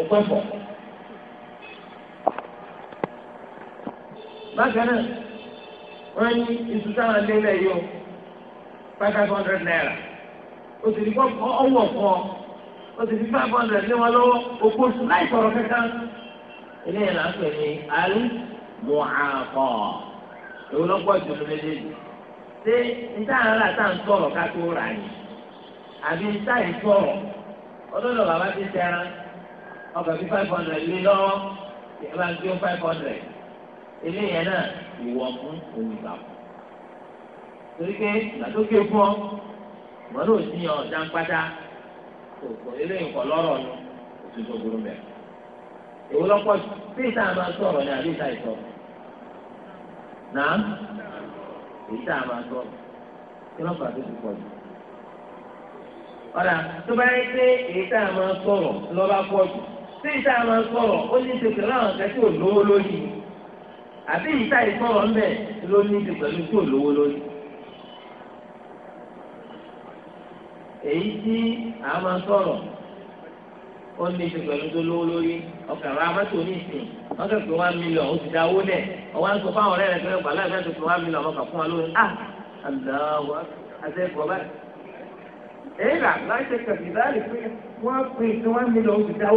ó pẹ́ pọ̀. bákan náà wọ́n ní iṣu sáwọn lélẹ̀ yìí o five hundred naira o sì ní kọ́ ọwọ́ kọ́ o sì ní five hundred lé wọn lọ́wọ́ òkú oṣù láì sọ̀rọ̀ kankan. là ń pè ní èwo lọ́pọ̀ méjèèjì ṣé níta tá à ń sọ̀rọ̀ ká tó rà àbí níta ìsọ̀rọ̀ bàbá ti ọkọ̀ bí five hundred lé lọ́wọ́ ìyẹn bá ń gbé five hundred eléyẹn náà ìwọ̀ fún òun ìgbà fún torí pé ìgbàdókè fún ọ mọ́nà òsìyàn ọ̀dàǹpátá kò eléyìí kọ̀ lọ́rọ̀ nu oṣù tó burú bẹ́ẹ̀. èwo lọ́pọ̀ sí ìta máa sọ̀rọ̀ ni àbí ìta ìsọ̀rọ̀ náà ìta máa sọ̀rọ̀ kí ló fà tó ti pọ̀ jù. ọ̀rà tó bá yẹ pé ìta máa sọ̀rọ̀ lọ́ba pọ̀ jù sí ìta àwọn sọ̀rọ̀ ó ní ṣe pẹ̀lú àwọn kẹ́kẹ́ ò lówó lórí àbí ìta ìsọ̀rọ̀ ń bẹ̀ ló ní ṣe pẹ̀lú tí ò lówó lórí. èyí tí àwọn sọ̀rọ̀ ó ní ṣe pẹ̀lú tó lówó lórí ọkàn rà mọ́tò ní ìsìn wọ́n kẹ́kẹ́ wá mílíọ̀n ó ti da owó lẹ̀ ọwọ́ ń sọ fáwọn ọ̀rẹ́ rẹ̀ pé pàlẹ́ ìfẹ́ wá mílíọ̀n ọkàn fún wa lórí ah àdáwọ̀ àtẹ́kọ̀ọ́ báyìí. èyí là láì ṣe kẹ̀kẹ́ báyìí pé wọ́n pè é tí wọ́n